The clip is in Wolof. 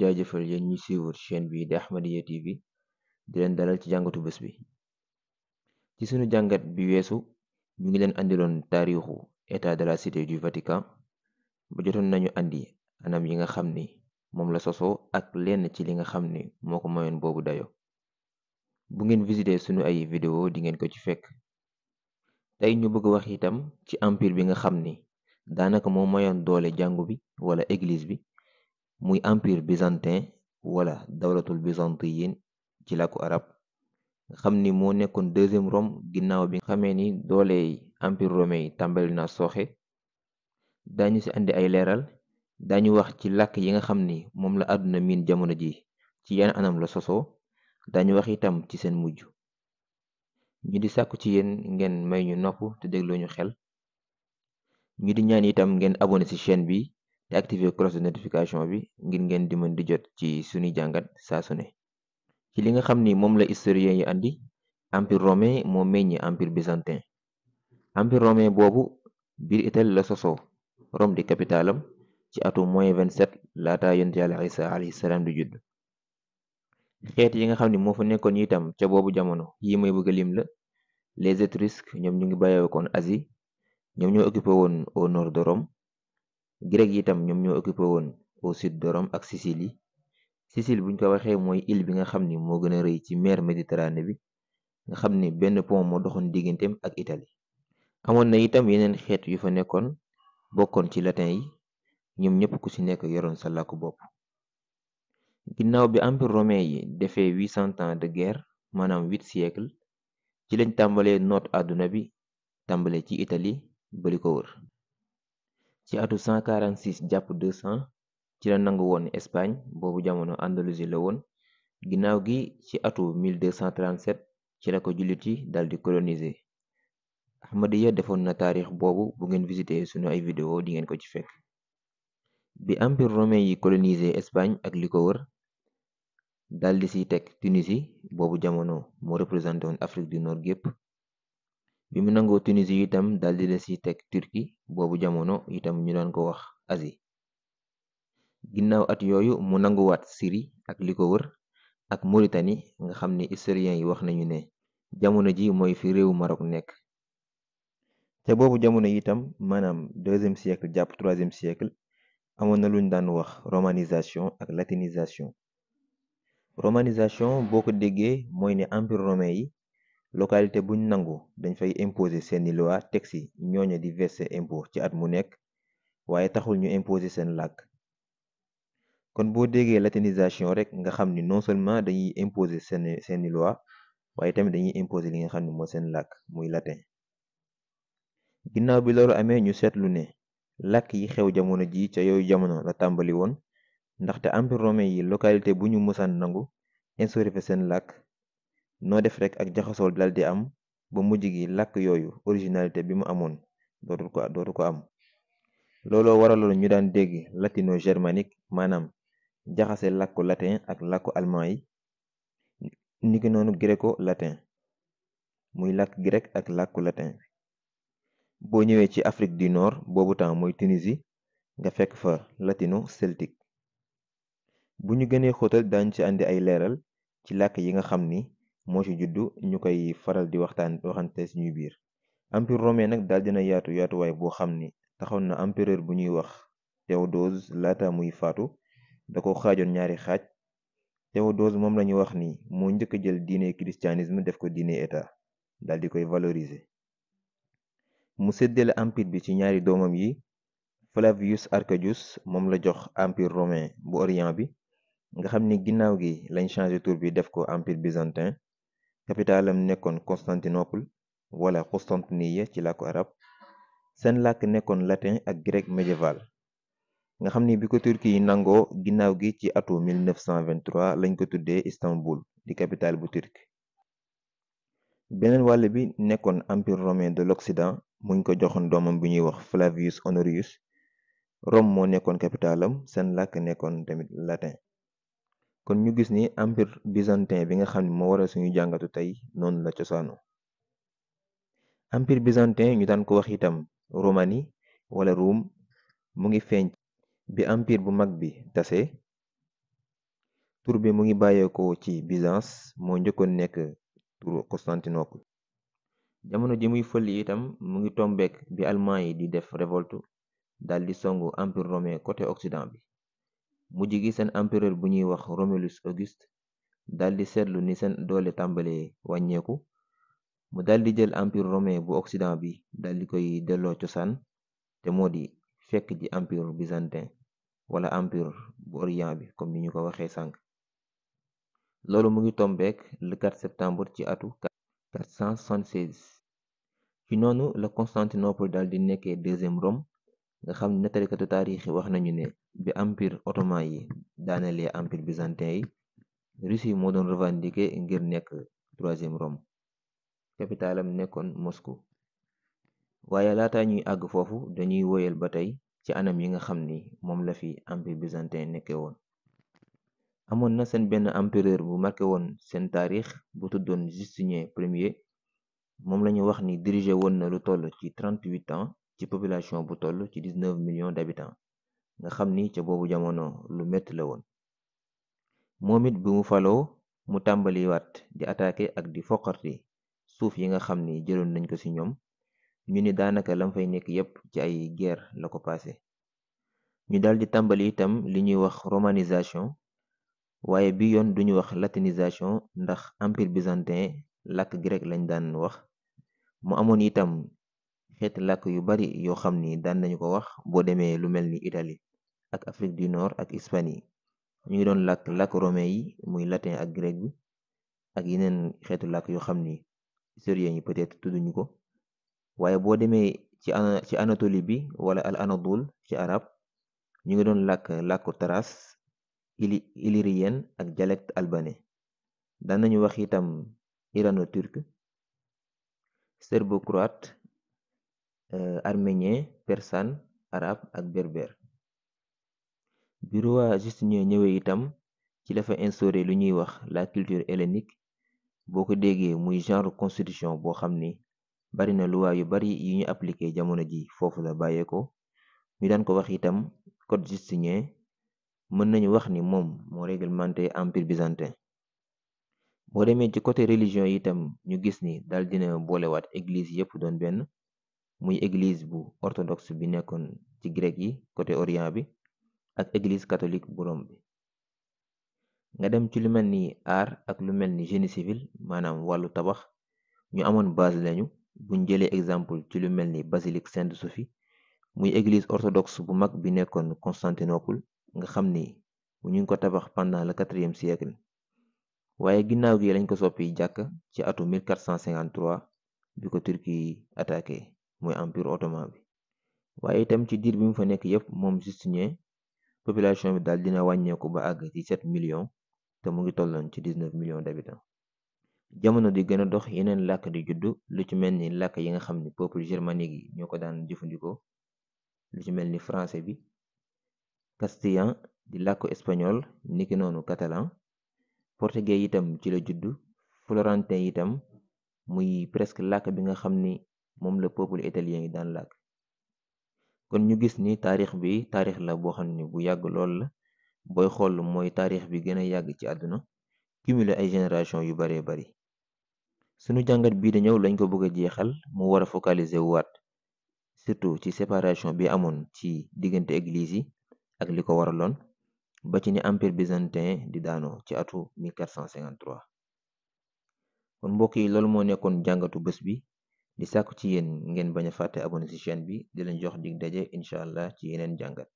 jaajëfal yéen ñi suivre chaîne bi di Ahmadiyya bi di leen dalal ci jàngatu bés bi ci sunu jàngat bi weesu ñu ngi leen indiloon taarixu état de la cité du Vatican ba jotoon nañu andi anam yi nga xam ni moom la sosoo ak lenn ci li nga xam ni moo ko mayoon boobu dayoo bu ngeen visiter sunu ay vidéo di ngeen ko ci fekk tey ñu bëgg wax itam ci empire bi nga xam ni daanaka moo mayoon doole jàngu bi wala église bi muy empire byzantin wala dawlatul byzantiyin ci làkku arab nga xam ni moo nekkoon deuxième rome ginnaaw bi nga xamee ni dooley empire rome yi tàmbali na sooxe dañu ci indi ay leeral dañu wax ci làkk yi nga xam ni moom la àdduna miin jamono ji ci yan anam la sosoo dañu wax itam ci seen mujj ñu di sàkku ci yéen ngeen may ñu nopp te dégloo ñu xel ñu di ñaan itam ngeen abone ci chaîne bi te activer cloche de notification bi ngir ngeen di mën di jot ci suñuy jàngat saa su ci li nga xam ni moom la historien yi andi empire romain moo meññi empire byzantin empire romain boobu biir ital la sosoo Rome di capitalam ci atum moins vingt-sept laata yonent Yàlla Isa alayhi salaam di judd xeet yi nga xam ne moo fa nekkoon itam ca boobu jamono yi may bëgg a lim la les Étrusques ñoom ñu ngi bàyyeekoon Asie ñoom ñoo occupé woon au nord grec yi tam ñoom ñoo occupé woon au sud de Rome ak Sicile yi Sicile buñ ko waxee mooy île bi nga xam ni moo gën a rëy ci mer Méditerranée bi nga xam ni benn pont moo doxoon digganteem ak itali amoon na itam yeneen xeet yu fa nekkoon bokkoon ci latin yi ñoom ñëpp ku ci nekk yoroon sa làkku bopp. ginnaaw bi empire romain yi defee huit cent ans de guerre maanaam huit siècle ci lañ tàmbalee noot àdduna bi tàmbale ci Italie ba li ko wër. ci atu 146 jàpp 200 ci la nangu woon Espagne boobu jamono Andalusi la woon ginaaw gi ci atu 1237 ci la ko jullit yi dal di coloniser Ahmadiyya defoon na taarix boobu bu ngeen visité sunu ay vidéo di ngeen ko ci fekk. bi empire romain yi coloniser Espagne ak li ko wër dal di siy teg Tunisie boobu jamono moo représenté woon Afrique du Nord gépp bi mu nangoo Tunisie itam dal di leen ci teg Turki boobu jamono itam ñu doon ko wax Asie ginnaaw at yooyu mu nanguwaat siri ak li ko wër ak moritani nga xam ni historien yi wax nañu ne jamono ji mooy fi réewu Maroc nekk te boobu jamono itam maanaam deuxième siècle jàpp troisième siècle amoon na luñ daan wax romanisation ak latinisation romanisation boo ko déggee mooy ne empire romain yi localité buñu nangu dañ fay imposer seeni loire teg si ñooña di verser impôt ci at mu nekk waaye taxul ñu imposer seen làkk kon boo déggee latinisation rek nga xam ni non seulement dañuy imposer seen seeni loi waaye tamit dañuy imposer li nga xam ne mooy seen làkk muy latin ginnaaw bi loolu amee ñu seetlu ne làkk yi xew jamono ji ca yooyu jamono la tàmbali woon ndaxte empire romain yi localité bu ñu mësaan nangu instauré fa seen làkk noo def rek ak jaxasoo dal di am ba mujj gi làkk yooyu originalité bi mu amoon dootul ko dootu ko am looloo waraloon ñu daan dégg latino germanique maanaam jaxase làkku latin ak làkku allemand yi niki noonu gréco latin muy làkk grec ak làkku latin boo ñëwee ci Afrique du Nord boobu temps mooy Tunisie nga fekk fa latino celtique bu ñu gënee xóotal daañ ci indi ay leeral ci làkk yi nga xam ni moo ci juddu ñu koy faral di waxtaan waxante suñuy biir empire romain nag daal dina yaatu yaatuwaay boo xam ni taxoon na empereur bu ñuy wax Théodose laata muy faatu da ko xaajoon ñaari xaaj Théodose moom la ñu wax ni moo njëkk jël diine christianisme def ko diine état daal di koy valoriser mu séddale empire bi ci ñaari doomam yi Flavius Arcadius moom la jox empire romain bu orient bi nga xam ni ginnaaw gi lañ changé tur bi def ko empire byzantin capitaalam nekkoon constantinople wala constantiniya ci làkku arab seen làkk nekkoon latin ak grec médiéval nga xam ni bi ko turki yi nangoo ginnaaw gi ci atu 1923 lañ ko tuddee istanbul di capitale bu turk beneen wàll bi nekkoon empire romain de l'occident muñ ko joxoon doomam bi ñuy wax Flavius Honorius Rome moo nekkoon capitalam seen làkk nekkoon tamit latin kon ñu gis ni empire byzantin bi nga xam ne moo waral suñu jàngatu tey noonu la cosaano empire byzantin ñu daan ko wax itam romani wala ruum mu ngi feeñ bi empire bu mag bi tase tur bi mu ngi bàyyeekoo ci byzance moo njëkkoon nekk turu constantinople jamono ji muy fël itam mu ngi tombeek bi allemand yi di def révolte dal di songu empire romain côté occident bi mujj gi seen empereur bu ñuy wax Romulus Auguste di seetlu ni seen doole tàmbale wàññeeku mu dal di jël empire romain bu occident bi di koy delloo cosaan te moo di fekk ji empire byzantin wala empire bu orient bi comme ni ñu ko waxee sànq loolu mu ngi tombeek le 4 septembre ci atu 476 ci noonu la Constantinople di nekkee deuxième Rome nga xam nettalikatu taarix yi wax nañu ne bi empire ottoman yi daanelee empire byzantin yi Russie moo doon revendiquer ngir nekk troisième Rome capitalam nekkoon Moscou waaye laata ñuy àgg foofu dañuy woyal ba tey ci anam yi nga xam ni moom la fi empire byzantin nekke woon amoon na seen benn empereur bu marqué woon seen taarix bu tuddoon Justinien premier moom lañu wax ni dirige woon na lu toll ci trente-huit ans ci population bu toll ci 19 millions d'habitants nga xam ni ca boobu jamono lu metti la woon moom it bi mu faloo mu tàmbaliwaat di attaqué ak di foqati suuf yi nga xam ni jëloon nañ ko ci ñoom ñu ni daanaka lam fay nekk yépp ci ay guerre la ko passé ñu daal di tàmbali itam li ñuy wax romanisation waaye bi yoon duñu wax latinisation ndax empire byzantin làkk grec lañ daan wax mu amoon itam xeeti làkk yu bari yoo xam ni daan nañu ko wax boo demee lu mel ni Italie ak Afrique du Nord ak Espagne ñu ngi doon làkk làkk romain yi muy latin ak grec bi ak yeneen xeetu làkk yoo xam ni historien yi peut-être tudduñu ko waaye boo demee ci ci Anatolie bi wala al Anadul ci arab ñu ngi doon làkk làkku Thrace illyrien ak dialecte albanais daan nañu wax itam irano-turc serbo-croate Eh, armenien persan arab ak berber bi roi Justinian ñëwee itam ci dafa instauré lu ñuy wax la culture hellénique boo ko déggee muy genre constitution boo xam ni bari na luwaa yu bari yi ñu appliqué jamono ji foofu la bàyyeeko ñu daan ko wax itam code Justinien mën nañu wax ni moom moo réglementé empire byzantin boo demee ci côté religion itam ñu gis ni dal dina boolewaat église yépp doon benn muy église bu orthodoxe bi nekkoon ci grec yi côté orient bi ak église catholique bu Rome bi nga dem ci lu mel ni art ak lu mel ni génie civil maanaam wàllu tabax ñu amoon base lañu buñ jëlee exemple ci lu mel ni basilique Sainte Sophie muy église orthodoxe bu mag bi nekkoon Constantinople nga xam ni ñu ngi ko tabax pendant la quatrième siècle waaye ginnaaw gi lañ ko soppi jàkk ci atu 1453 bi ko turki attaqué. mooy empire ottoman bi waaye itam ci diir bi mu fa nekk yëpp moom Justinian population bi daal dina wàññeeku ba àgg ci 7 millions te mu ngi tolloon ci 19 millions d'habitants jamono di gën a dox yeneen làkk di juddu lu ci mel ni làkk yi nga xam ni peuple germanique yi ñoo ko daan jëfandikoo lu ci mel ni français bi castillan di làkku espagnol niki noonu catalan portugais itam ci la juddu florentin itam muy presque làkk bi nga xam ni moom la peuple italien yi daan làkk kon ñu gis ni taarix bi taarix la boo xam ne bu yàgg lool la booy xool mooy taarix bi gën a yàgg ci àdduna cumulé ay génération yu baree bari sunu jàngat bii da ñëw lañ ko bëgg a jeexal mu war a focaliser waat surtout ci séparation bi amoon ci diggante église yi ak li ko waraloon ba ci ni empire byzantin di daanoo ci atu 1453 kon mbokk yi loolu moo nekkoon jàngatu bés bi di sàkku ci yéen ngeen bañ a fàtte abonné ci chaîne bi di leen jox dig daje incha allah ci yeneen jàngat